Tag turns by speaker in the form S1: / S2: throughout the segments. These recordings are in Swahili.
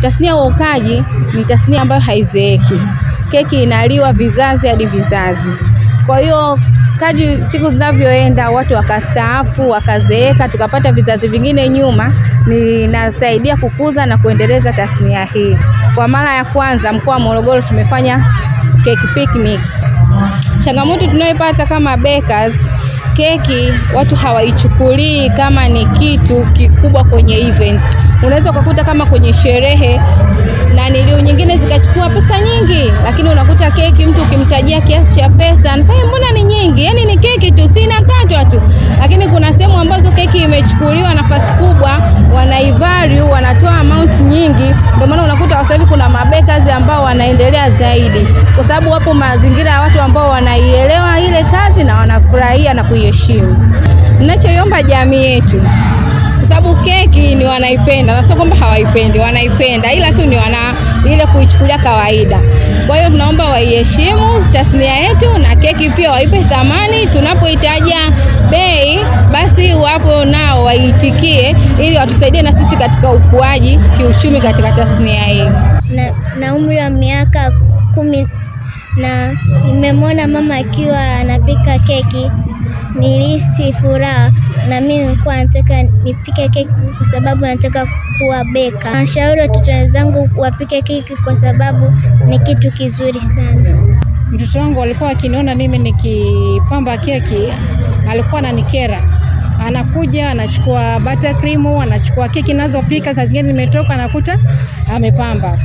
S1: Tasnia ya uokaji ni tasnia ambayo haizeeki. Keki inaliwa vizazi hadi vizazi. Kwa hiyo kadri siku zinavyoenda watu wakastaafu, wakazeeka, tukapata vizazi vingine nyuma, ninasaidia kukuza na kuendeleza tasnia hii. Kwa mara ya kwanza mkoa wa Morogoro tumefanya keki picnic. Changamoto tunayopata kama bakers keki watu hawaichukulii kama ni kitu kikubwa kwenye event. Unaweza ukakuta kama kwenye sherehe na nilio nyingine zikachukua pesa nyingi, lakini unakuta keki mtu ukimtajia kiasi cha pesa anasema eh, mbona ni nyingi yani kazi ambao wanaendelea zaidi, kwa sababu wapo mazingira ya watu ambao wanaielewa ile kazi na wanafurahia na kuiheshimu. Ninachoiomba jamii yetu, kwa sababu keki ni wanaipenda, na sio kwamba hawaipendi, wanaipenda, ila tu ni wana ile kuichukulia kawaida. Kwa hiyo tunaomba waiheshimu tasnia yetu na keki pia waipe thamani tunapohitaja bei waitikie ili watusaidie na sisi katika ukuaji kiuchumi katika tasnia hii.
S2: Na, na umri wa miaka kumi na nimemwona mama akiwa anapika keki, nilihisi furaha na mimi nilikuwa nataka nipike keki kwa sababu nataka kuwa beka. Nashauri watoto wenzangu wapike keki kwa sababu ni kitu kizuri sana.
S3: Mtoto wangu alikuwa akiniona mimi nikipamba keki alikuwa ananikera anakuja anachukua buttercream, anachukua keki ninazopika, saa zingine nimetoka nakuta amepamba.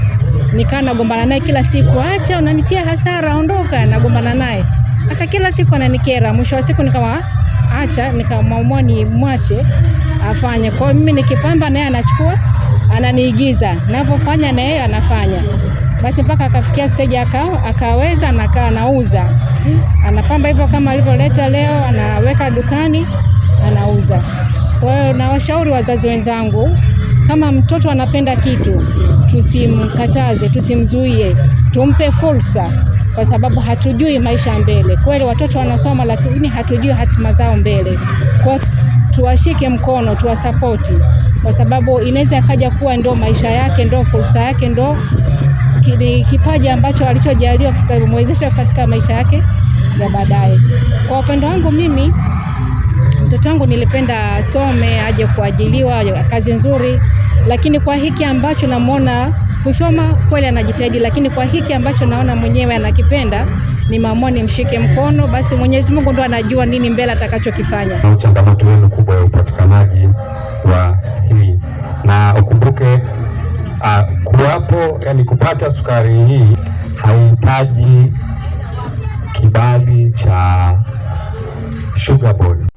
S3: Nikaa nagombana naye kila siku, acha unanitia hasara, ondoka. Nagombana naye sasa kila siku ananikera. Mwisho wa siku nikawa acha, nikamwamua ni mwache afanye. Kwa mimi nikipamba naye anachukua ananiigiza, navyofanya na yeye anafanya basi mpaka akafikia stage aka, akaweza na anauza, anapamba hivyo kama alivyoleta leo, anaweka dukani anauza. Kwa hiyo nawashauri wazazi wenzangu, kama mtoto anapenda kitu tusimkataze, tusimzuie, tumpe fursa, kwa sababu hatujui maisha mbele. Kweli watoto wanasoma, lakini hatujui hatima zao mbele. Kwa tuwashike mkono, tuwasapoti, kwa sababu inaweza akaja kuwa ndo maisha yake, ndo fursa yake, ndo kipaji ambacho alichojaliwa kikamwezesha katika maisha yake ya baadaye. Kwa upendo wangu mimi Mtoto wangu nilipenda asome, aje kuajiliwa kazi nzuri, lakini kwa hiki ambacho namwona kusoma kweli anajitahidi, lakini kwa hiki ambacho naona mwenyewe anakipenda, nimeamua nimshike mkono. Basi Mwenyezi Mungu ndo anajua nini mbele atakachokifanya. changamoto yenu kubwa ya upatikanaji wa hii, na ukumbuke ah, kuwapo, yani kupata sukari hii haihitaji kibali cha Sugar Board.